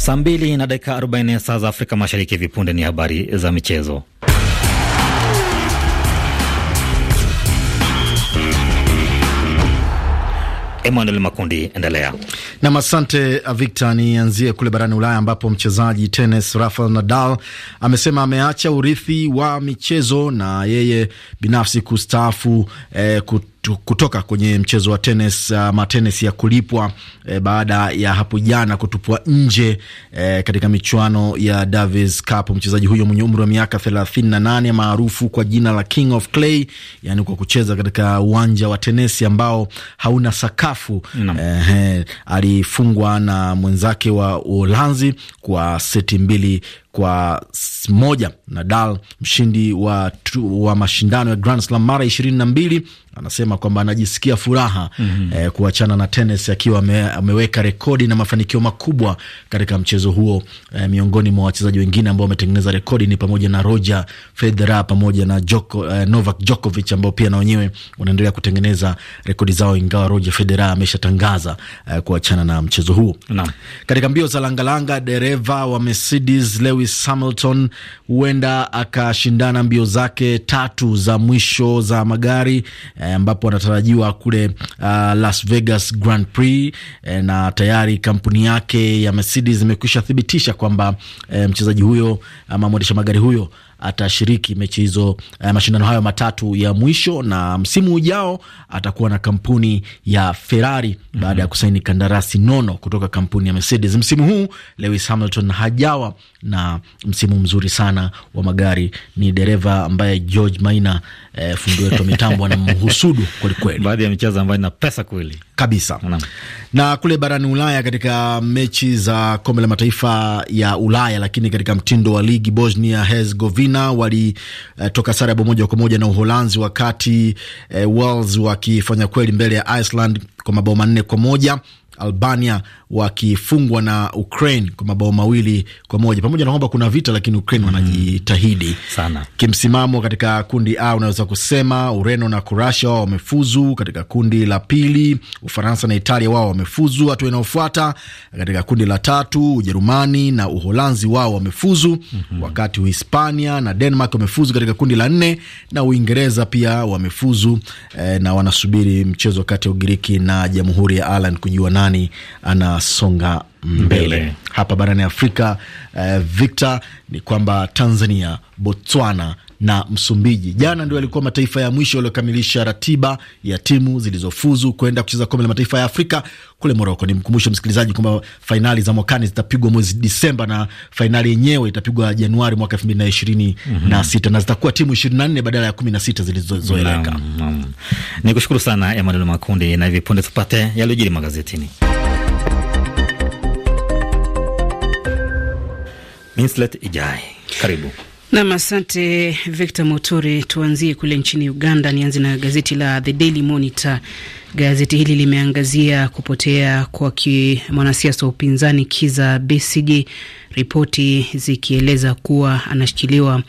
Saa mbili na dakika 40 saa za Afrika Mashariki. Hivi punde ni habari za michezo. Emmanuel Makundi, endelea nam. Asante Victor. Nianzie kule barani Ulaya ambapo mchezaji tenis Rafael Nadal amesema ameacha urithi wa michezo na yeye binafsi kustaafu eh, kutoka kwenye mchezo wa tenis, uh, matenis ya kulipwa eh, baada ya hapo jana kutupwa nje eh, katika michuano ya Davis Cup. Mchezaji huyo mwenye umri wa miaka 38 maarufu kwa jina la King of Clay, yani kwa kucheza katika uwanja wa tenisi ambao hauna sakafu eh, eh, alifungwa na mwenzake wa Uholanzi kwa seti mbili kwa moja. Nadal mshindi wa, tu, wa mashindano ya Grand Slam mara ishirini na mbili anasema kwamba anajisikia furaha mm -hmm. eh, kuachana na tenis akiwa ame, ameweka rekodi na mafanikio makubwa katika mchezo huo. Eh, miongoni mwa wachezaji wengine ambao wametengeneza rekodi ni pamoja na Roger Federer pamoja na Joko, eh, Novak Djokovic ambao pia na wenyewe wanaendelea kutengeneza rekodi zao, ingawa Roger Federer ameshatangaza eh, kuachana na mchezo huo na. Katika mbio za langalanga, dereva wa Mercedes Lewis Hamilton huenda akashindana mbio zake tatu za mwisho za magari eh, Eh, ambapo anatarajiwa kule uh, Las Vegas Grand Prix eh, na tayari kampuni yake ya Mercedes imekwisha thibitisha kwamba eh, mchezaji huyo ama mwendesha magari huyo atashiriki mechi hizo, eh, mashindano hayo matatu ya mwisho, na msimu ujao atakuwa na kampuni ya Ferrari mhm. baada ya mm -hmm. kusaini kandarasi nono kutoka kampuni ya Mercedes. Msimu huu Lewis Hamilton hajawa na msimu mzuri sana wa magari. Ni dereva ambaye George Maina, eh, fundi wetu wa mitambo, anamhusudu kwelikweli, baadhi ya michezo ambayo ina pesa kweli kabisa na. Na kule barani Ulaya katika mechi za kombe la mataifa ya Ulaya, lakini katika mtindo wa ligi, Bosnia Herzegovina walitoka uh, sare bao moja kwa moja na Uholanzi, wakati uh, Wales wakifanya kweli mbele ya Iceland kwa mabao manne kwa moja. Albania wakifungwa na Ukraine kwa mabao mawili kwa moja. Pamoja na kwamba kuna vita, lakini Ukraine mm, wanajitahidi sana kimsimamo. Katika kundi A unaweza kusema Ureno na Kurasia wao wamefuzu. Katika kundi la pili Ufaransa na Italia wao wamefuzu hatua inayofuata. Katika kundi la tatu Ujerumani na Uholanzi wao wamefuzu, mm -hmm. wakati Uhispania na Denmark wamefuzu katika kundi la nne na Uingereza pia wamefuzu eh, na wanasubiri mchezo kati ya Ugiriki na Jamhuri ya Ireland kujua nani ana tunasonga mbele, mbele. Hapa barani Afrika eh, Victor, ni kwamba Tanzania, Botswana na Msumbiji jana ndio yalikuwa mataifa ya mwisho yaliyokamilisha ratiba ya timu zilizofuzu kwenda kucheza kombe la mataifa ya Afrika kule Moroko. Ni mkumbushe msikilizaji kwamba fainali za mwakani zitapigwa mwezi Disemba na fainali yenyewe itapigwa Januari mwaka elfu mbili na ishirini mm -hmm. na mhm. sita na zitakuwa timu ishirini na nne badala ya kumi na sita zilizozoeleka. Ni kushukuru sana Emanuel Makundi na hivi punde tupate yaliyojiri magazetini. Minslet Ijai, karibu. Nam, asante Victor Moturi. Tuanzie kule nchini Uganda. Nianze na gazeti la The Daily Monitor Gazeti hili limeangazia kupotea kwa mwanasiasa wa upinzani Kiza Besigye, ripoti zikieleza kuwa anashikiliwa uh,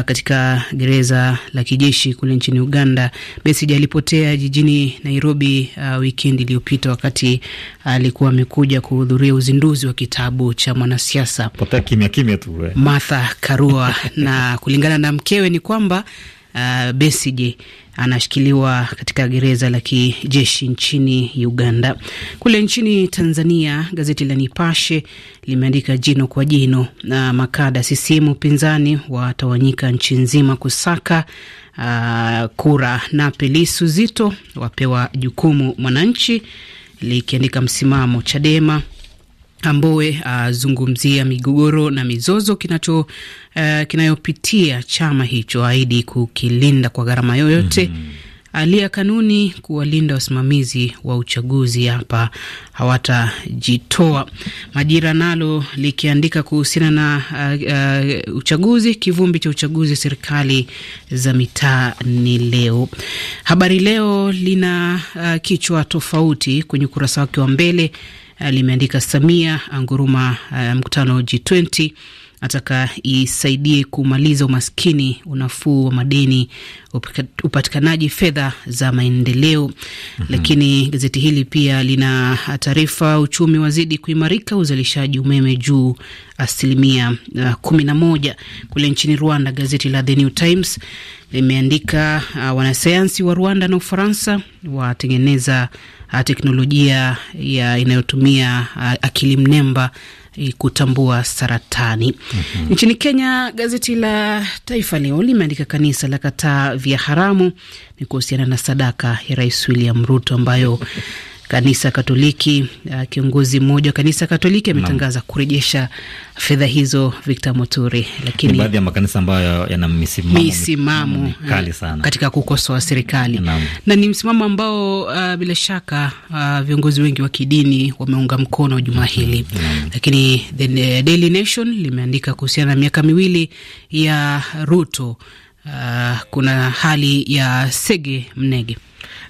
katika gereza la kijeshi kule nchini Uganda. Besigye alipotea jijini Nairobi uh, wikendi iliyopita wakati alikuwa uh, amekuja kuhudhuria uzinduzi wa kitabu cha mwanasiasa eh. Martha Karua na kulingana na mkewe ni kwamba uh, Besigye anashikiliwa katika gereza la kijeshi nchini Uganda. Kule nchini Tanzania, gazeti la Nipashe limeandika jino kwa jino, na makada sisimu upinzani watawanyika nchi nzima kusaka uh, kura. na pelisu Zito wapewa jukumu Mwananchi likiandika msimamo Chadema Ambowe azungumzia uh, migogoro na mizozo kinacho uh, kinayopitia chama hicho, aidi kukilinda kwa gharama yoyote mm -hmm. Alia kanuni kuwalinda wasimamizi wa uchaguzi hapa hawatajitoa. Majira nalo likiandika kuhusiana na uh, uh, uchaguzi, kivumbi cha uchaguzi serikali za mitaa ni leo. Habari Leo lina uh, kichwa tofauti kwenye ukurasa wake wa mbele Eh, limeandika Samia anguruma uh, mkutano G20 ataka isaidie kumaliza umaskini, unafuu wa madeni, upatikanaji fedha za maendeleo. mm -hmm. Lakini gazeti hili pia lina taarifa uchumi wazidi kuimarika, uzalishaji umeme juu asilimia uh, kumi na moja. Kule nchini Rwanda, gazeti la The New Times limeandika uh, wanasayansi wa Rwanda na Ufaransa watengeneza uh, teknolojia ya inayotumia uh, akili mnemba Eh, kutambua saratani. mm -hmm. Nchini Kenya, gazeti la Taifa Leo limeandika kanisa la kataa vya haramu, ni kuhusiana na sadaka ya Rais William Ruto ambayo kanisa Katoliki. Uh, kiongozi mmoja wa kanisa Katoliki ametangaza kurejesha fedha hizo, Victor Moturi, lakini baadhi ya makanisa ambayo yana misimamo kali eh, sana katika kukosoa serikali na, na ni msimamo ambao uh, bila shaka uh, viongozi wengi wa kidini wameunga mkono juma mhm. hili Lakini the Daily Nation limeandika kuhusiana na miaka miwili ya Ruto, uh, kuna hali ya sege mnege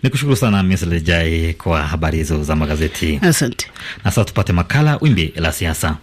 ni kushukuru sana Mislejai kwa habari hizo za magazeti, asante. Na sasa tupate makala Wimbi la Siasa.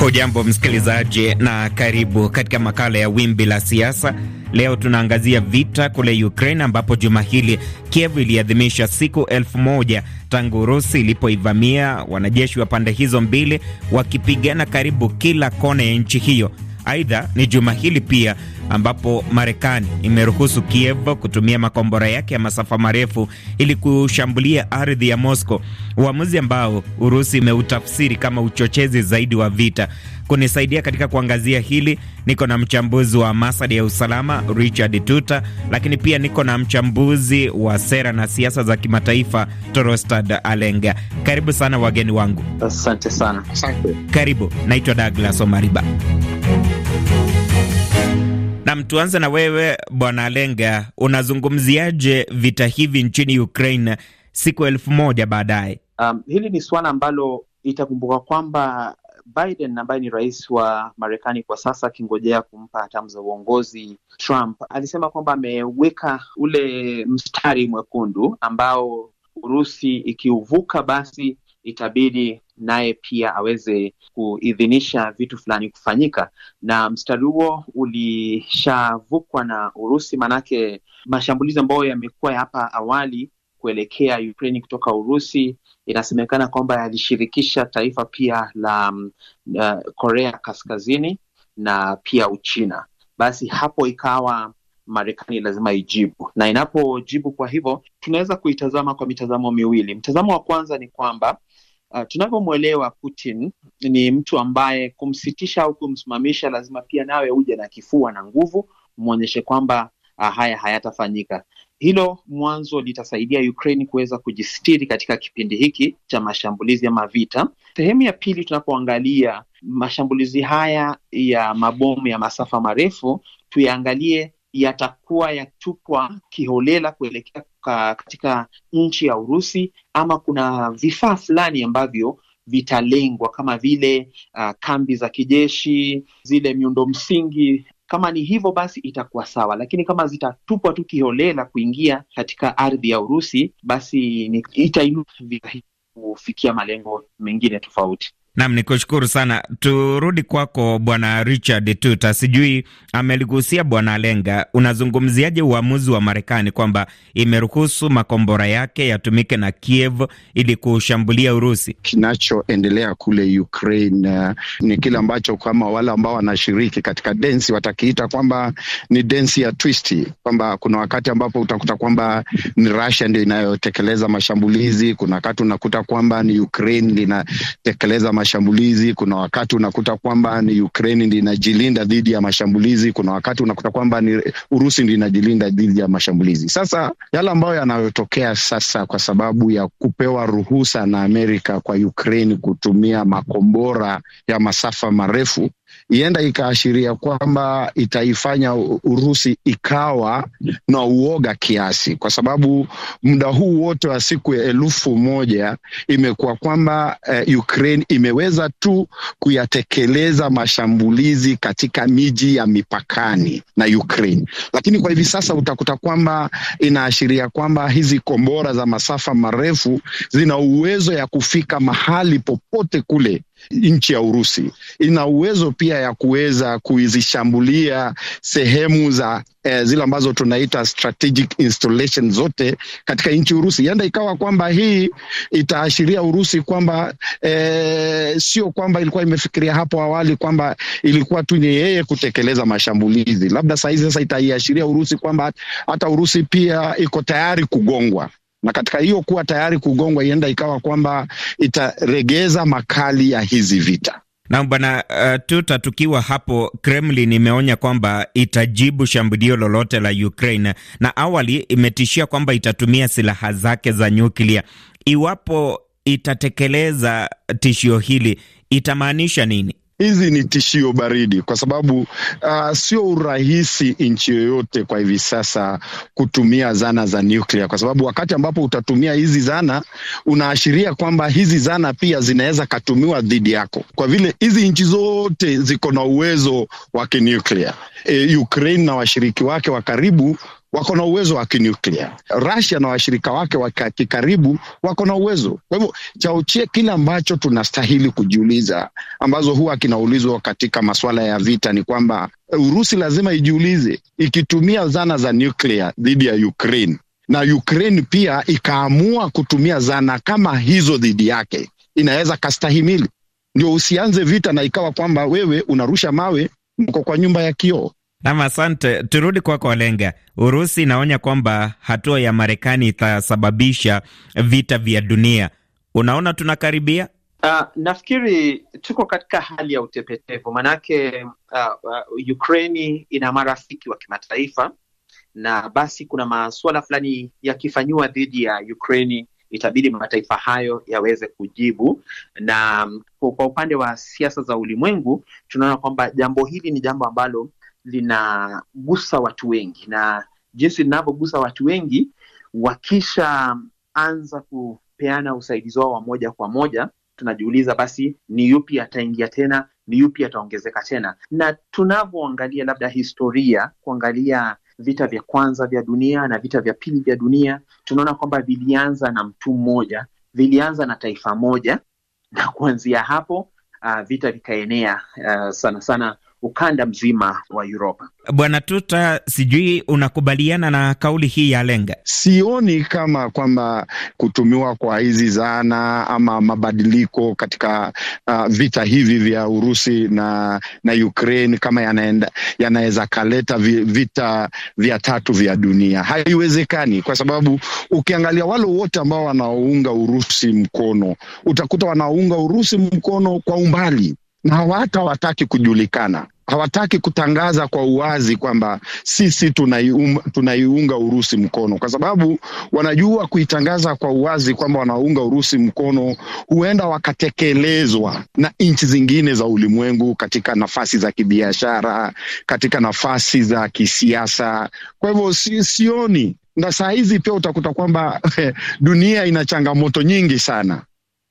Hujambo msikilizaji, na karibu katika makala ya wimbi la siasa. Leo tunaangazia vita kule Ukraine, ambapo juma hili Kiev iliadhimisha siku elfu moja tangu Urusi ilipoivamia, wanajeshi wa pande hizo mbili wakipigana karibu kila kona ya nchi hiyo. Aidha, ni juma hili pia ambapo Marekani imeruhusu Kiev kutumia makombora yake ya masafa marefu ili kushambulia ardhi ya Moscow, uamuzi ambao Urusi imeutafsiri kama uchochezi zaidi wa vita. Kunisaidia katika kuangazia hili, niko na mchambuzi wa masad ya usalama Richard Tuta, lakini pia niko na mchambuzi wa sera na siasa za kimataifa Torostad Alenga. Karibu sana wageni wangu. Asante sana. Asante. Karibu, naitwa Douglas Omariba. Nam, tuanze na wewe Bwana Lenga, unazungumziaje vita hivi nchini Ukraine siku elfu moja baadaye? Um, hili ni suala ambalo itakumbuka kwamba Biden ambaye ni rais wa Marekani kwa sasa, akingojea kumpa hatamu za uongozi Trump, alisema kwamba ameweka ule mstari mwekundu ambao Urusi ikiuvuka basi itabidi naye pia aweze kuidhinisha vitu fulani kufanyika. Na mstari huo ulishavukwa na Urusi, maanake mashambulizi ambayo yamekuwa hapa awali kuelekea Ukraini kutoka Urusi inasemekana kwamba yalishirikisha taifa pia la uh, Korea Kaskazini na pia Uchina. Basi hapo ikawa Marekani lazima ijibu, na inapojibu, kwa hivyo tunaweza kuitazama kwa mitazamo miwili. Mtazamo wa kwanza ni kwamba Uh, tunavyomwelewa Putin ni mtu ambaye kumsitisha au kumsimamisha lazima pia nawe uje na kifua na nguvu, mwonyeshe kwamba uh, haya hayatafanyika. Hilo mwanzo litasaidia Ukraine kuweza kujistiri katika kipindi hiki cha mashambulizi ya mavita. Sehemu ya pili, tunapoangalia mashambulizi haya ya mabomu ya masafa marefu, tuyaangalie yatakuwa yatupwa kiholela kuelekea katika nchi ya Urusi, ama kuna vifaa fulani ambavyo vitalengwa kama vile uh, kambi za kijeshi, zile miundo msingi. Kama ni hivyo basi itakuwa sawa, lakini kama zitatupwa tu kiholela kuingia katika ardhi ya Urusi, basi itainua kufikia malengo mengine tofauti. Nam, ni kushukuru sana. Turudi kwako Bwana Richard Tuta, sijui ameligusia Bwana Lenga, unazungumziaje uamuzi wa Marekani kwamba imeruhusu makombora yake yatumike na Kiev ili kushambulia Urusi? Kinachoendelea kule Ukraine uh, ni kile ambacho kama wale ambao wanashiriki katika densi watakiita kwamba ni densi ya twisti, kwamba kuna wakati ambapo utakuta kwamba ni Russia ndio inayotekeleza mashambulizi, kuna wakati unakuta kwamba ni Ukraine linatekeleza mashambulizi, kuna wakati unakuta kwamba ni Ukraine ndi inajilinda dhidi ya mashambulizi, kuna wakati unakuta kwamba ni Urusi ndi inajilinda dhidi ya mashambulizi. Sasa yale ambayo yanayotokea sasa kwa sababu ya kupewa ruhusa na Amerika kwa Ukraine kutumia makombora ya masafa marefu ienda ikaashiria kwamba itaifanya Urusi ikawa na uoga kiasi, kwa sababu muda huu wote wa siku ya elfu moja imekuwa kwamba eh, Ukraine imeweza tu kuyatekeleza mashambulizi katika miji ya mipakani na Ukraine, lakini kwa hivi sasa utakuta kwamba inaashiria kwamba hizi kombora za masafa marefu zina uwezo ya kufika mahali popote kule nchi ya Urusi. Ina uwezo pia ya kuweza kuzishambulia sehemu za eh, zile ambazo tunaita strategic installation zote katika nchi Urusi. Yanda ikawa kwamba hii itaashiria Urusi kwamba eh, sio kwamba ilikuwa imefikiria hapo awali kwamba ilikuwa tu ni yeye kutekeleza mashambulizi, labda sahizi sasa itaiashiria Urusi kwamba hata Urusi pia iko tayari kugongwa na katika hiyo kuwa tayari kugongwa, ienda ikawa kwamba itaregeza makali ya hizi vita. Nam bwana uh, tuta tukiwa hapo, Kremlin imeonya kwamba itajibu shambulio lolote la Ukraine na awali imetishia kwamba itatumia silaha zake za nyuklia. Iwapo itatekeleza tishio hili, itamaanisha nini? hizi ni tishio baridi, kwa sababu uh, sio urahisi nchi yoyote kwa hivi sasa kutumia zana za nuklia kwa sababu wakati ambapo utatumia hizi zana unaashiria kwamba hizi zana pia zinaweza katumiwa dhidi yako, kwa vile hizi nchi zote ziko na uwezo wa kinuklia E, eh, Ukraine na washiriki wake wa karibu wako na uwezo wa kinuklia. rasia na washirika wake wa kikaribu wako na uwezo. Kwa hivyo chaochie kile ambacho tunastahili kujiuliza, ambazo huwa kinaulizwa katika masuala ya vita, ni kwamba eh, Urusi lazima ijiulize ikitumia zana za nuklia dhidi ya Ukraine na Ukraine pia ikaamua kutumia zana kama hizo dhidi yake, inaweza kastahimili? Ndio usianze vita na ikawa kwamba wewe unarusha mawe mko kwa nyumba ya kioo. Nam, asante. Turudi kwako Olenga. Urusi inaonya kwamba hatua ya Marekani itasababisha vita vya dunia. Unaona tunakaribia? Uh, nafikiri tuko katika hali ya utepetevu, maanake uh, ah, uh, ah, Ukraini ina marafiki wa kimataifa na basi kuna masuala fulani yakifanyiwa dhidi ya Ukraini itabidi mataifa hayo yaweze kujibu. Na kwa upande wa siasa za ulimwengu, tunaona kwamba jambo hili ni jambo ambalo linagusa watu wengi, na jinsi linavyogusa watu wengi, wakishaanza kupeana usaidizi wao wa moja kwa moja, tunajiuliza basi, ni yupi ataingia tena, ni yupi ataongezeka tena. Na tunavyoangalia labda historia, kuangalia vita vya kwanza vya dunia na vita vya pili vya dunia, tunaona kwamba vilianza na mtu mmoja, vilianza na taifa moja, na kuanzia hapo uh, vita vikaenea uh, sana sana ukanda mzima wa Uropa. Bwana Tuta, sijui unakubaliana na kauli hii ya Lenga? Sioni kama kwamba kutumiwa kwa hizi zana ama mabadiliko katika uh, vita hivi vya Urusi na na Ukraine kama yanaenda yanaweza kaleta vita vya tatu vya dunia, haiwezekani, kwa sababu ukiangalia wale wote ambao wanaounga Urusi mkono utakuta wanaunga Urusi mkono kwa umbali na watu hawataki kujulikana, hawataki kutangaza kwa uwazi kwamba sisi tunaiunga, Urusi mkono, kwa sababu wanajua kuitangaza kwa uwazi kwamba wanaunga Urusi mkono, huenda wakatekelezwa na nchi zingine za ulimwengu katika nafasi za kibiashara, katika nafasi za kisiasa. Kwa hivyo si, sioni na saa hizi pia utakuta kwamba dunia ina changamoto nyingi sana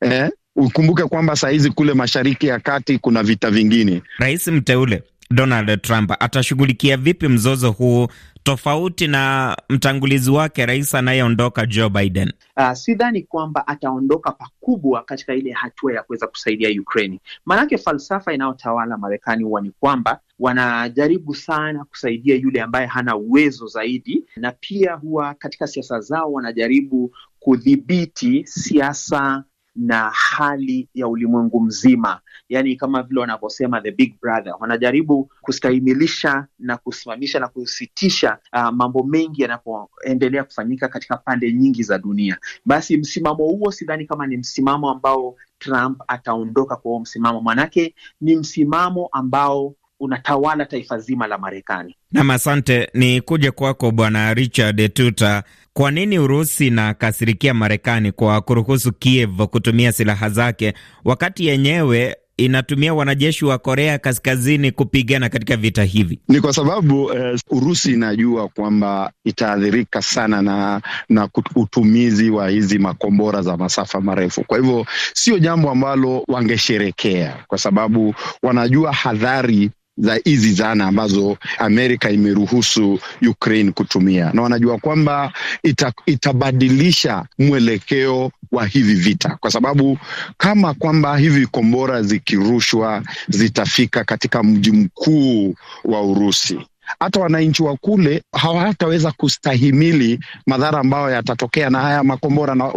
eh? Ukumbuke kwamba saa hizi kule Mashariki ya Kati kuna vita vingine. Rais mteule Donald Trump atashughulikia vipi mzozo huu tofauti na mtangulizi wake rais anayeondoka Joe Biden? Uh, sidhani kwamba ataondoka pakubwa katika ile hatua ya kuweza kusaidia Ukraini. Maanake falsafa inayotawala Marekani huwa ni kwamba wanajaribu sana kusaidia yule ambaye hana uwezo zaidi, na pia huwa katika siasa zao wanajaribu kudhibiti siasa na hali ya ulimwengu mzima, yaani kama vile wanavyosema the big brother, wanajaribu kustahimilisha na kusimamisha na kusitisha uh, mambo mengi yanapoendelea kufanyika katika pande nyingi za dunia. Basi msimamo huo sidhani kama ni msimamo ambao Trump ataondoka kwa huo msimamo, manake ni msimamo ambao unatawala taifa zima la Marekani. Nam, asante. Ni kuja kwako Bwana Richard Tuta, kwa nini Urusi inakasirikia Marekani kwa kuruhusu Kiev kutumia silaha zake wakati yenyewe inatumia wanajeshi wa Korea Kaskazini kupigana katika vita hivi? Ni kwa sababu eh, Urusi inajua kwamba itaathirika sana na na utumizi wa hizi makombora za masafa marefu. Kwa hivyo sio jambo ambalo wangesherekea, kwa sababu wanajua hadhari za hizi zana ambazo Amerika imeruhusu Ukraine kutumia, na wanajua kwamba ita, itabadilisha mwelekeo wa hivi vita, kwa sababu kama kwamba hivi kombora zikirushwa zitafika katika mji mkuu wa Urusi hata wananchi wa kule hawataweza kustahimili madhara ambayo yatatokea na haya makombora, na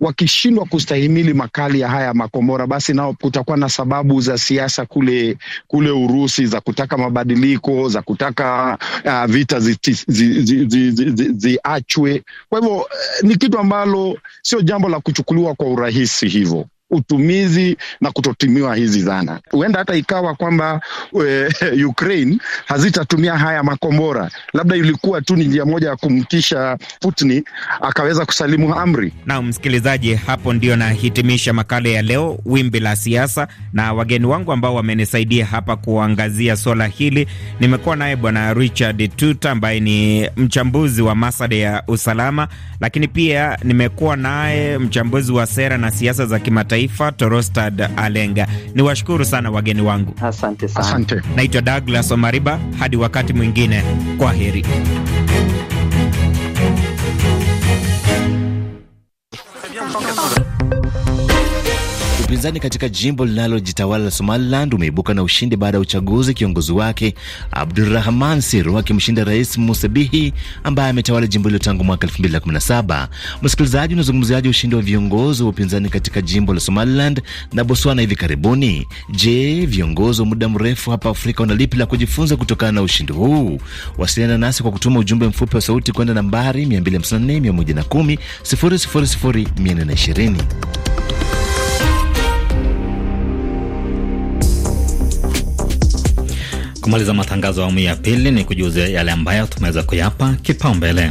wakishindwa kustahimili makali ya haya makombora, basi nao kutakuwa na sababu za siasa kule kule Urusi za kutaka mabadiliko, za kutaka uh, vita ziachwe Kwa hivyo eh, ni kitu ambalo sio jambo la kuchukuliwa kwa urahisi hivyo utumizi na kutotimiwa hizi zana. Huenda hata ikawa kwamba eh, Ukraine hazitatumia haya makombora, labda ilikuwa tu ni njia moja ya kumtisha Putin akaweza kusalimu amri. Na msikilizaji, hapo ndio nahitimisha makala ya leo, wimbi la siasa, na wageni wangu ambao wamenisaidia hapa kuangazia swala hili. Nimekuwa naye Bwana Richard Tuta ambaye ni mchambuzi wa masuala ya usalama, lakini pia nimekuwa naye mchambuzi wa sera na siasa za kimataifa Taifa Torostad Alenga. Ni washukuru sana wageni wangu, asante sana. Naitwa Douglas Omariba, hadi wakati mwingine, kwa heri. upinzani katika jimbo linalojitawala la Somaliland umeibuka na ushindi baada ya uchaguzi, kiongozi wake Abdurahman Siru akimshinda Rais Musebihi ambaye ametawala jimbo hilo tangu mwaka 2017. Msikilizaji, unazungumziaji ushindi wa viongozi wa upinzani katika jimbo la Somaliland na Botswana hivi karibuni. Je, viongozi wa muda mrefu hapa Afrika wana lipi la kujifunza kutokana na ushindi huu? Wasiliana nasi kwa kutuma ujumbe mfupi wa sauti kwenda nambari 254 110 000 420. Kumaliza matangazo ya awamu ya pili, ni kujuza yale ambayo tumeweza kuyapa kipaumbele.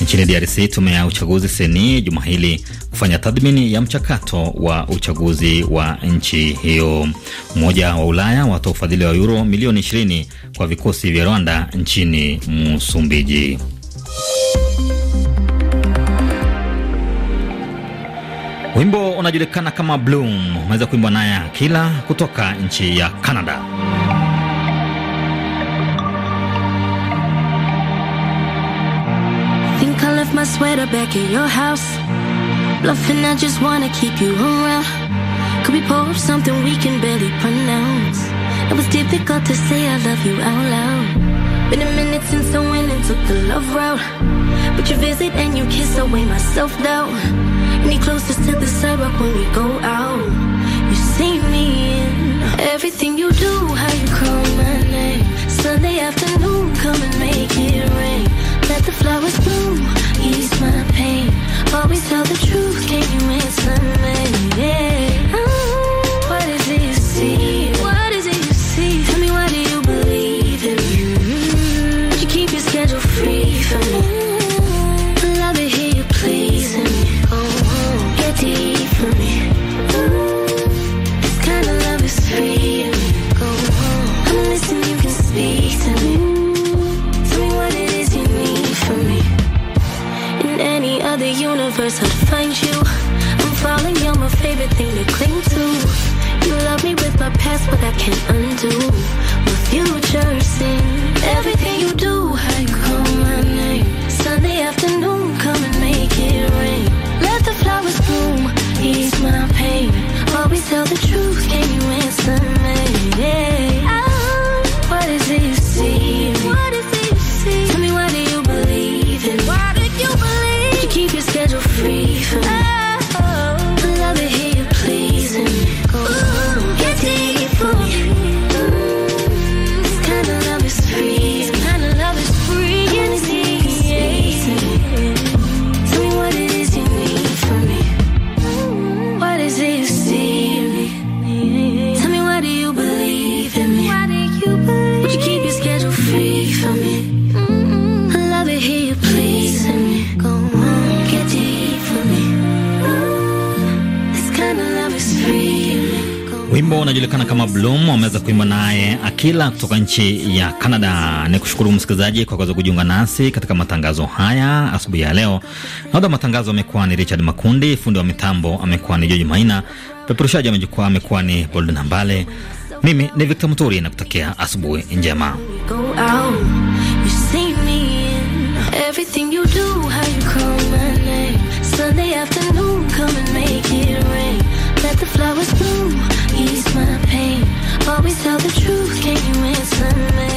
Nchini DRC, tume ya uchaguzi seni juma hili kufanya tathmini ya mchakato wa uchaguzi wa nchi hiyo. Umoja wa Ulaya watoa ufadhili wa yuro milioni 20 kwa vikosi vya Rwanda nchini Msumbiji. Wimbo unajulikana kama Bloom umeweza kuimbwa naye Akila kutoka nchi ya Canada. sweater back at your house. Bluffing, I just wanna keep you around. Could we pull up something we can barely pronounce? It was difficult to say I love you out loud. Been a minute since I went and took the love route. But you visit and you kiss away my self doubt. Any closer to the sidewalk when we go out. You see me in everything you do, how you call my name. Sunday afternoon, come and make it rain let the flowers bloom, ease my pain. Always tell the truth, can you answer me? Yeah. Wimbo unajulikana kama Bloom wameweza kuimba naye Akila kutoka nchi ya Canada. Ni kushukuru msikilizaji kwa kuweza kujiunga nasi katika matangazo haya asubuhi ya leo. Naoda matangazo amekuwa ni Richard Makundi, fundi wa mitambo amekuwa ni Joji Maina, peperushaji wa amekuwa ni Bold Nambale. Mimi ni Victor Muturi na kutakia asubuhi njema. Flowers bloom. always tell the truth. Can you answer me?